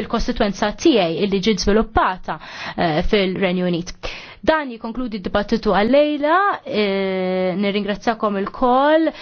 il-kostituenza tiegħi illi ġiet żviluppata eh, fil-Renju Unit. Dan jikonkludi d-dibattitu għallejla, eh, nirringrazzakom il-koll,